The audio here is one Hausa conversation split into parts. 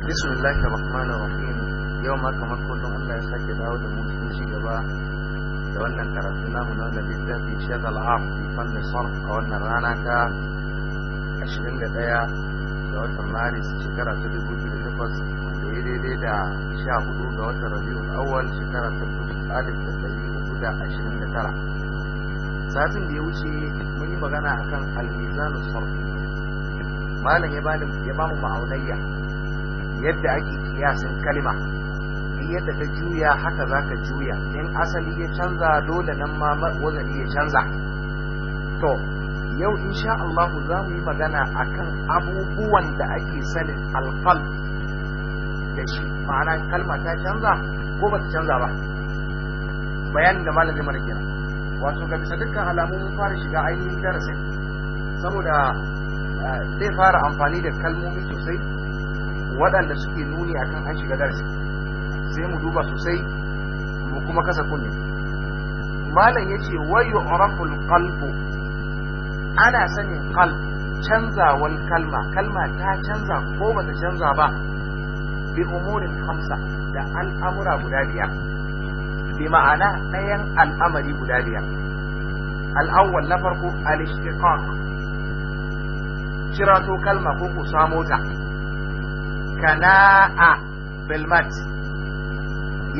Bismillahi rahmanir rahim yau ma kamar kullum Allah ya sake dawo da mu cikin ci gaba da wannan karatu namu na wannan littafi shagal am fi fannin sarf a wannan rana ta 21 ga watan maris shekara ta 2008 da ya daidai da 14 ga watan rabiul awwal shekara ta 1329 satin da ya wuce mun yi magana akan al-mizanus sarfi malam ya ba mu ma'aunayya yadda ake kiyasin kalma in yadda ta juya haka za ka juya in asali ya canza dole nan ma wazani ya canza to yau insha Allah za mu yi magana akan abubuwan da ake sanin alfal da shi ma'ana kalma ta canza ko ba ta canza ba bayanin da malamin mana wato ga bisa dukkan alamu mun fara shiga ainihin darasin saboda eh, zai fara amfani da kalmomi sosai waɗanda suke nuni akan an shiga darasi sai mu duba sosai mu kuma kasa kunne malam ya ce Wayo uraful qalbu ana sanin qalb canzawar kalma kalma ta canza ko bata canza ba bi umurin hamsa da al'amura guda biyar bi ma'ana ɗayan al'amari guda biyar al'awwal na farko al-ishtiqaq kalma ko ku samo ta kana'a bilmat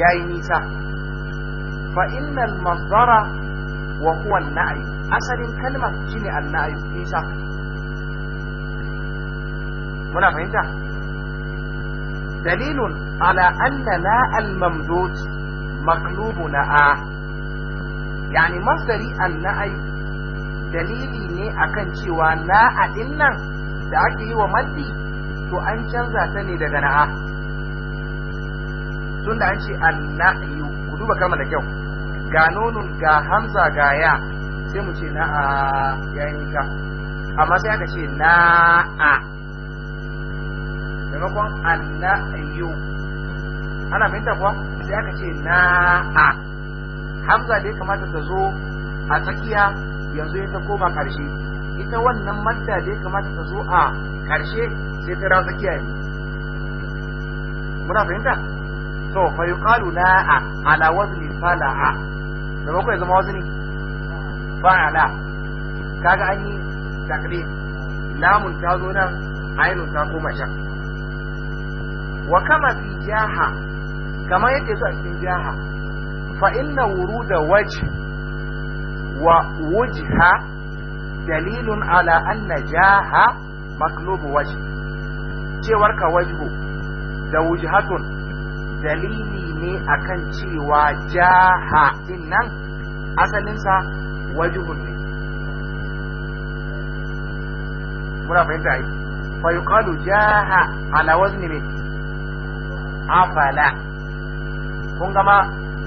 ya yi nisa fa'innal mazara wa huwa na'ayu asalin kalmar shine ne annayu nisa muna fahimta dalilun ala anna la al-mamdud maqlubu na'a yani masdari an-na'i dalili ne akan cewa na'a nan da ake yi wa maddi to an canza ta ne daga na'a tun da an ce anna'yu ku duba kalmar da kyau ga nonon ga hamza ga ya sai mu ce na'a yi nika amma sai aka ce na'a maimakon anna'yu ana fahimta kuwa sai aka ce na'a hamza da ya kamata ta zo a tsakiya yanzu ya ta koma ƙarshe ita wannan madda da ya kamata ta zo a ƙarshe sai tsira su kiyaye muna fahimta to fa yuqalu a ala wazni a da bakwai zama wazni fa'ala kaga an yi takrir lamun ta zo nan ainun ta koma can wa kama fi jaha kamar yadda su a cikin jaha fa inna wuruda wajh wa wujha dalilun ala anna jaha maklubu wajh cewar ka wajhu da wujhatun dalili ne akan cewa jaha din nan asalinsa wajhun ne muna fahimta yi fa yuqalu jaha ala wazni ne afala kun gama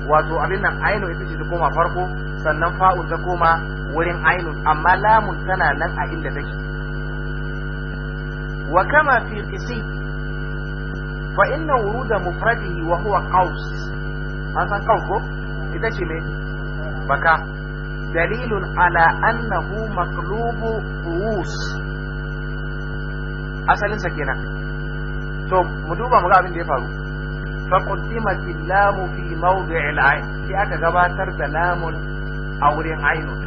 wato abin nan ainu ita ce ta koma farko sannan fa'un ta koma wurin ainun amma lamun tana nan a inda take وكما في قسي فإن ورود مفرده وهو قوس أنسان قوس إذا شمي بكا دليل على أنه مقلوب قوس أسأل سكينة تو مدوبة مقابل دي فارو فقدمت اللام في موضع العين في أكا غباتر دلام أو عين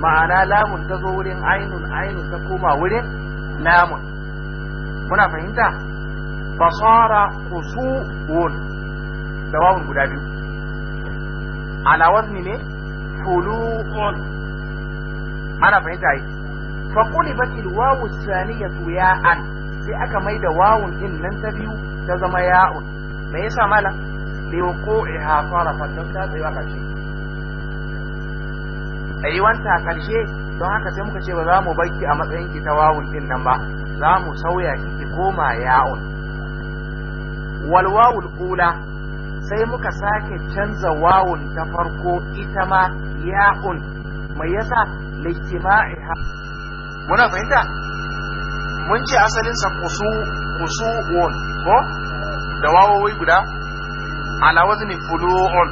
معنى لام تزور عين عين تقوم ورين lamun kuna fahimta fasara qusuun da wawun guda biyu ala wazni ne fuluun ana fahimta yi fa qulibatil wawu ya an sai aka mai da wawun din nan ta biyu ta zama ya'un me yasa mala li wuqu'iha sarafan don ta tsaye aka ai wanta karshe don haka sai muka ce ba za mu baki a matsayin ki ta wawun din nan ba za mu sauya shi koma ya'un walwawul kula sai muka sake canza wawon ta farko ita ma ya'un mai yasa lijima'iha muna fahimta mun ce asalinsa kusu won ko da wawowi guda ala wazni fulu'un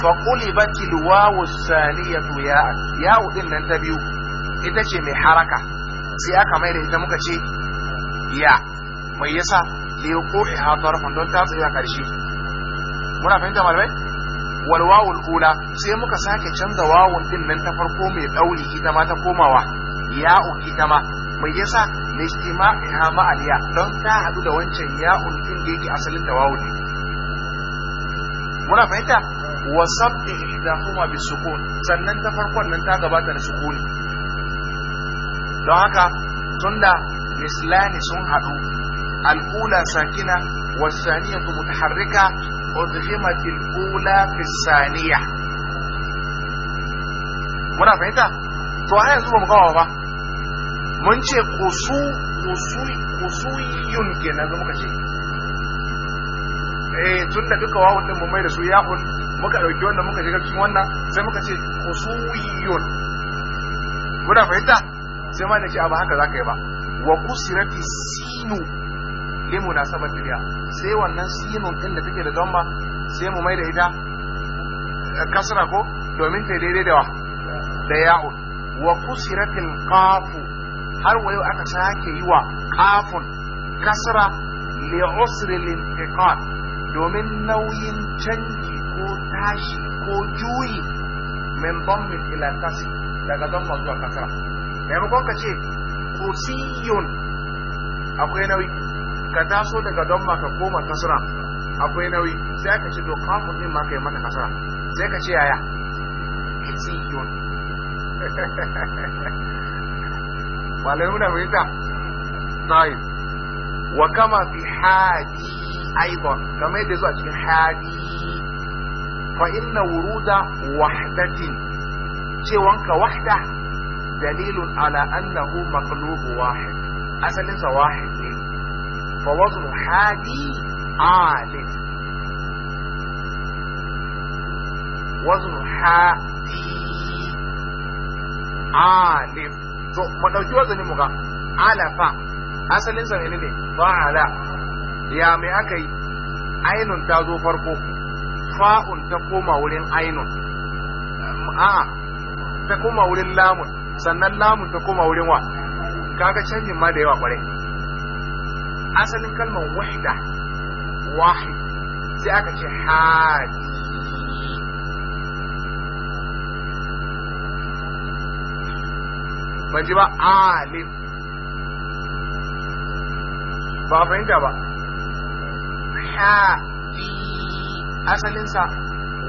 fa qulibati alwawu as-saniyatu ya ya'u din nan ta biyu ita ce mai haraka sai aka mai da ita muka ce ya mai yasa ya ko ha tarfan don ta a ƙarshe muna fahimta malamai walwawul wawul sai muka sake canza wawun din nan ta farko mai dauri ita ma ta komawa uki ta ma mai yasa ne shi ma ha ma'aliya don ta haɗu da wancan ya din da yake asalin da wawun din muna fahimta wa sabbi bi sukun sannan ta farkon nan ta gabata da sukuni don haka tunda mislani sun haɗu al'ula sakina wasaniya su mutaharrika udghimatil ula fi saniya muna fahimta to a yanzu ba mu gama ba mun ce kusu kusu kusuyun kenan zama muka ce eh tunda duka wawun din mun mai da su yaqul muka dauki wannan muka shiga cikin wannan sai muka ce yun. muna fahimta sai ma da ce abu haka zaka yi ba wa kusirati sinu na munasabati biha sai wannan sinun din da take da damma sai mu maida ita eh, kasra ko domin ta daidai da wa da ya'u wa kusiratil qafu har wayo aka sake yi wa qafun kasra li usri lintiqal domin nauyin canji ko tashi ko juyi min dhammin ila daga damma zuwa kasra maimakon ka ce kursiyun akwai nauyi ka taso daga ma ka koma kasra akwai nauyi sai ka ce to kafin din ma kai mata kasra sai ka ce yaya kursiyun na mai ta tayyib wa kama fi haji aidan kamar yadda zuwa cikin haji fa inna wuruda wahdatin cewanka wahda dalilun ala annahu maqlub wahid asalin sa ne fa wazn hadi alif wazn hadi alif to mu dauki wazanin mu ga alafa asalin sa ne ne fa'ala ya mai aka yi ainun ta zo farko fa'un koma wurin ainun a'a ta koma wurin lamun sannan lamun ta koma wurin wa kaga canjin ma da yawa kwarai asalin kalmar wahida wahid sai aka ce haji ban ji ba alif ba fahimta ba haji asalinsa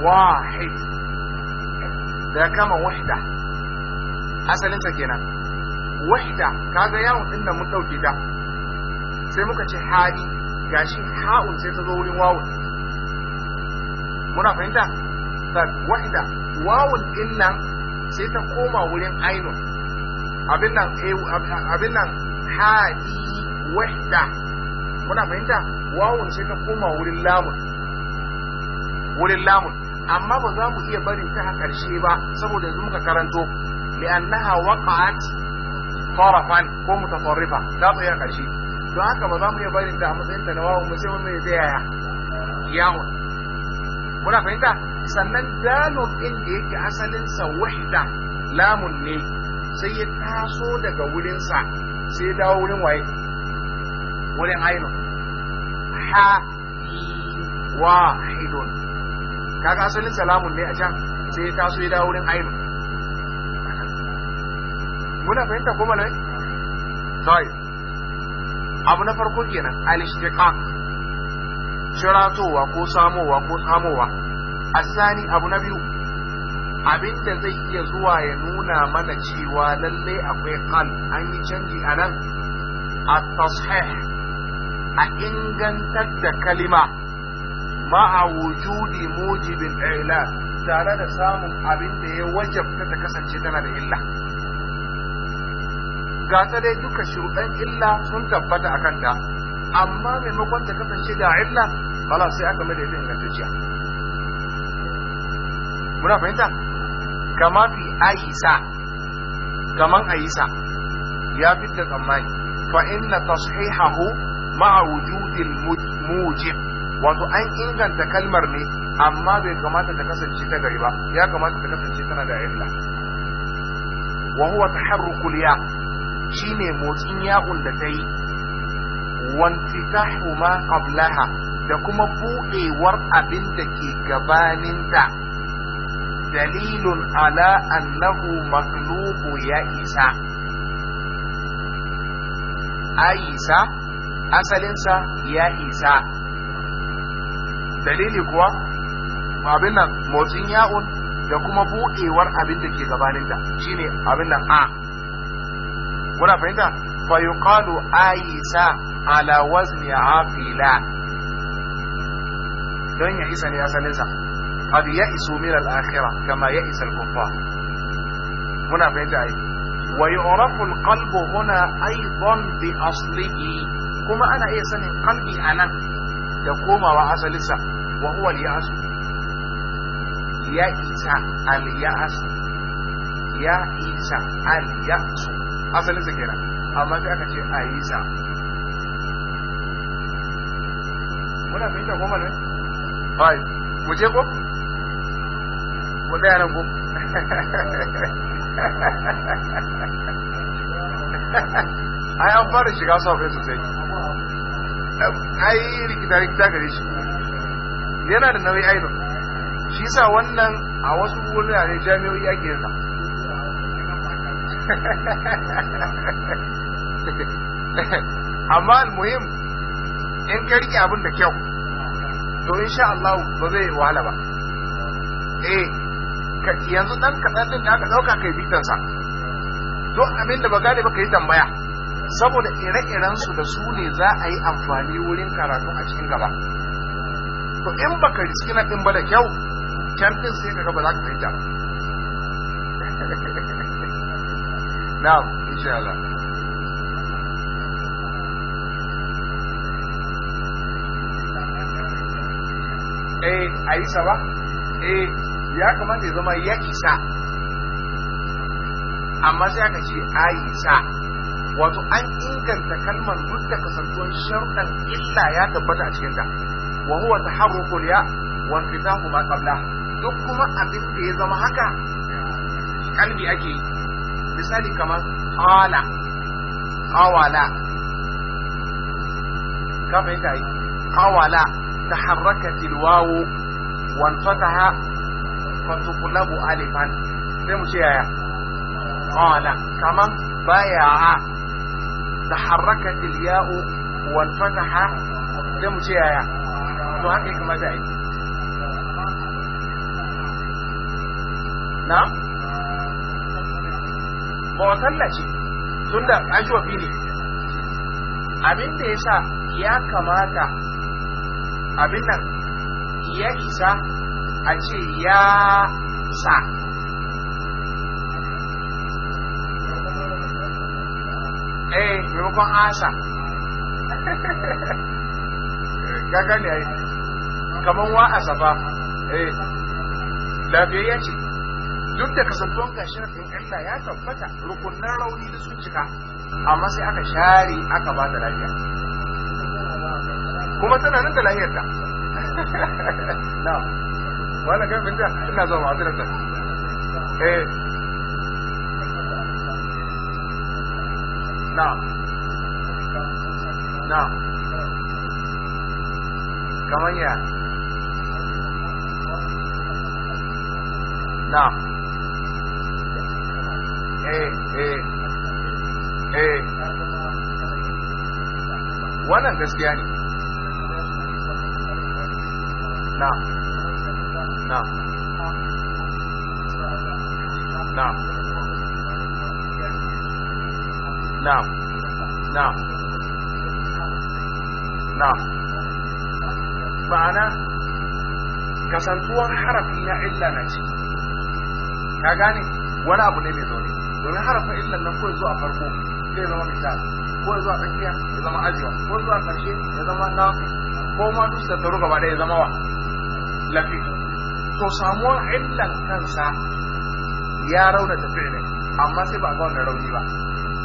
wahid da kama wahida asalinsa kenan wahida kaga yawun din da mun dauke ta sai muka ce hadi gashi ha'un sai ta zo wurin wawun muna fahimta ta wahida wawun din nan sai ta koma wurin ainun abin nan eh, abin nan hadi wahida muna fahimta wawun sai ta koma wurin lamun wurin lamun amma ba za mu iya barin ta a ƙarshe ba saboda yanzu muka karanto لأنها وقعت طرفا ومتطرفة لا طيئة قلشي دعاك مضام يا بايل انت عمد انت نواه مسيح من يديها ياغن منا فانت سنن دانو ان ايك اصل انسا وحدة لا مني سيد تاسو دك ولنسا سيدا ولن وي ولن عينو ح واحد كاك اصل انسا لا مني اجان سيد تاسو دك ولن عينو muna fahimta ko malamai tayyib abu na farko kenan al-ishtiqaq shiratowa ko samowa ko samowa asani abu na biyu abinda zai iya zuwa ya nuna mana cewa lalle akwai qal an yi canji a nan A tashih a ingantar da kalima a wujudi mujibin ila tare da samun abin da ya wajabta ta kasance tana da illa ga ta dai duka shuruɗan illa sun tabbata a kanta amma maimakon ta kasance da illa bala sai aka mai da ita ingantacciya muna fahimta kama fi ayisa kaman ayisa ya fi da tsammani fa inna tashihahu ma'a wujudil mujib wato an inganta kalmar ne amma bai kamata ta kasance ta gari ba ya kamata ta kasance tana da illa wa huwa taharrukul ya shine motsin ya'un da ta yi ta ma qablaha da kuma buɗewar abin da ke gabaninta dalilun ala annahu maqlubu ya isa aisa asalinsa ya isa dalili kuwa abin nan motsin ya'un da kuma buɗewar abin da ke gabaninta shine abin nan a ولا فهمتها فيقال عيسى على وزن عافلا دون يئس أن يأسلسة قد يئسوا من الآخرة كما يئس الكفار هنا فهمتها أيضا ويعرف القلب هنا أيضا بأصله كما أنا إيه سنين قلبي أنا يقوم وأسلسة وهو اليأس يا يئس اليأس يا يئس اليأس su kenan amma sai aka ce ayisa yi sa ta goma ne bai mu je ko mu tsaya nan ko ai an fara shiga su sai. ai rikita rikita gare shi yana da nauyi ainihin shi sa wannan a wasu wurare jami'o'i ake yin amma almuhim in ka rike abin da kyau to insha Allah ba zai wahala ba eh yanzu dan kaɗan din da aka ɗauka kai sa to abin da ba gane ba ka yi tambaya saboda ire-iren su da su ne za a yi amfani wurin karatu a cikin gaba to in baka riski na din ba da kyau can din sai ka ga ba za ka fita ba na'am insha Allah eh ayi sa ba eh ya kamata ya zama ya kisa amma sai aka ce ayi sa wato an inganta kalmar duk da kasantuwar sharɗan illa ya tabbata a cikinta wa huwa taharrukul ya wa fitahu ma qabla duk kuma abin da ya zama haka kalbi ake yi misali kamar ala awala ka fahimta yi awala ta harrakatil wawo wanfataha fatuqlabu alifan sai mu ce yaya ala baya a ta harrakatil ya'u ha sai mu ce yaya to haka yi ya kamata yi na'am ba sallah ce tunda ajwa bi ne abin da sa ya kamata abin nan ya isa a ce ya sa eh maimakon asa gaga yi kamar wa asafa eh lafiyayya ce duk da kasantuwan ga sharfin illa ya tabbata rukunan rauni da sun cika amma sai aka share aka ba da lafiya kuma tana nan da lafiyar ta na wani ga binta ina zama a ta eh na na kamar ya na wannan gaskiya ne na na na na na na ma'ana kasantuwan harafi na illa na ciki ka gane wani abu ne mai zaune domin harafin illa nan kawai a farko zai zama misali ko zuwa tsakiya ya zama arewa ko zuwa ƙarshe ya zama na ko ma duk tattaru gaba ɗaya ya zama wa lafi to samuwar illan kansa ya rauna tafi ne amma sai ba ga wannan rauni ba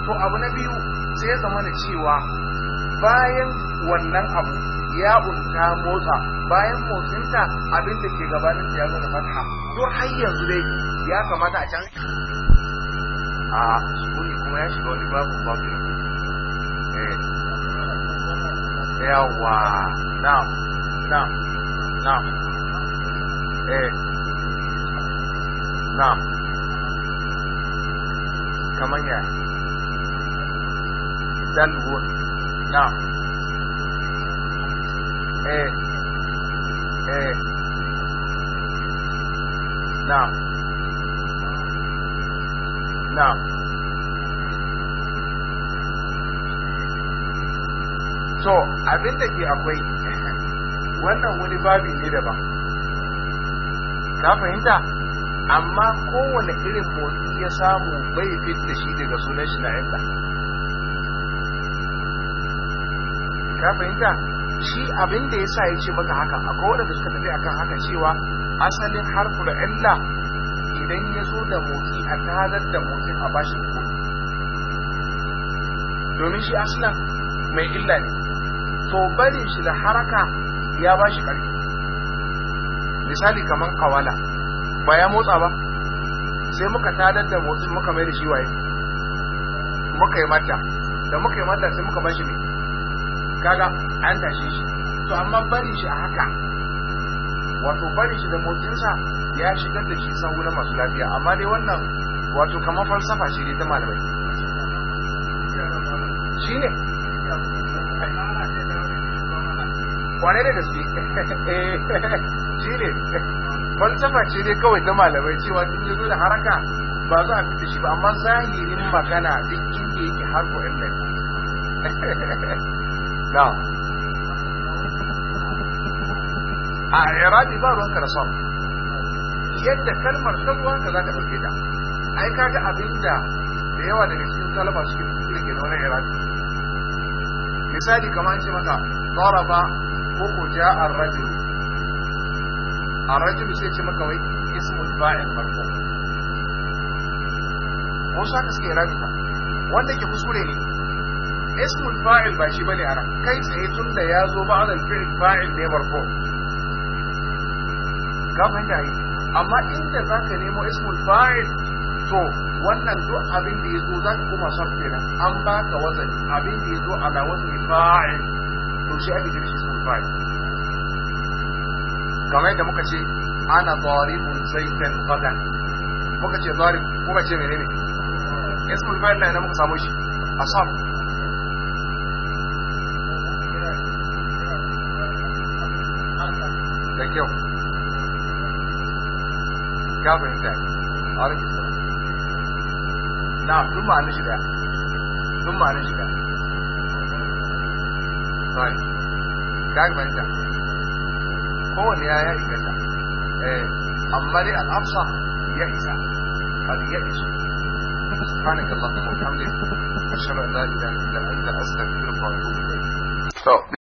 to abu na biyu sai ya zama da cewa bayan wannan abu ya unta motsa bayan motsinta abin da ke gabanin ya zama da to har yanzu dai ya kamata a can a sukuni kuma ya shiga wani babu babu đeo hòa năm năm năm ê năm cảm ơn nhé chân vụt năm ê ê năm năm to abin da ke akwai wannan wani babi ne da daban ka fahimta amma kowane irin motsi ya samu bai fit da shi daga sunan shi na ka fahimta shi abin da ya sa ya ce maka haka akwai waɗanda suka tafi akan haka cewa asalin da illa idan ya zo da motsi a tazar da motsi a bashi domin shi asalin mai illa ne to barin shi da haraka ya ba shi ƙarfi misali kamar kawala ba ya motsa ba sai muka tadar da motsin muka mai da shi waye muka yi mata da muka yi mata sai muka ba shi ne kaga an tashe shi to amma barin shi a haka wato barin shi da motsinsa ya shigar da shi sahu na masu lafiya amma dai wannan wato kamar falsafa shi ne ta malamai shi ne wane ne da su eh, shi ne falsafa ce dai kawai ta malamai cewa duk ya zo da haraka ba za a fi da shi ba amma zahirin magana duk inda yake har ko ɗan na a irabi ba ruwan karasau yadda kalmar ta ruwan ka za ka ɗauke ta ai ga abinda da yawa daga cikin kalma suke kuskure ke na wani irabi misali kamar ce maka ضرب ko ko ja a rajin, a rajin sai ce maka wai ismul fa'il farko mun sa suke rabi wanda ke kuskure ne ismul fa'il ba shi ba ne a ran kai tsaye tun da ya zo ba a fi'il fa'il ne farko ga fahimta yi amma inda zaka nemo ismul fa'il to wannan duk abin da ya zo za ka koma sarfe nan an ka wazani abin da ya zo ala wazani fa'il to shi ake kirshi satisfied kamar yadda muka ce ana sai ten gadan muka ce zarib muka ce menene ismul fa'il na muka samu shi asab da kyau ka fahimta a rikin na sun ma'anin shi daya sun ma'anin shi daya ta inganta kowanne ya inganta amma dai al'amsa ya isa hadi ya isa سبحانك اللهم وبحمدك أشهد أن لا إله إلا أنت أستغفرك وأتوب إليك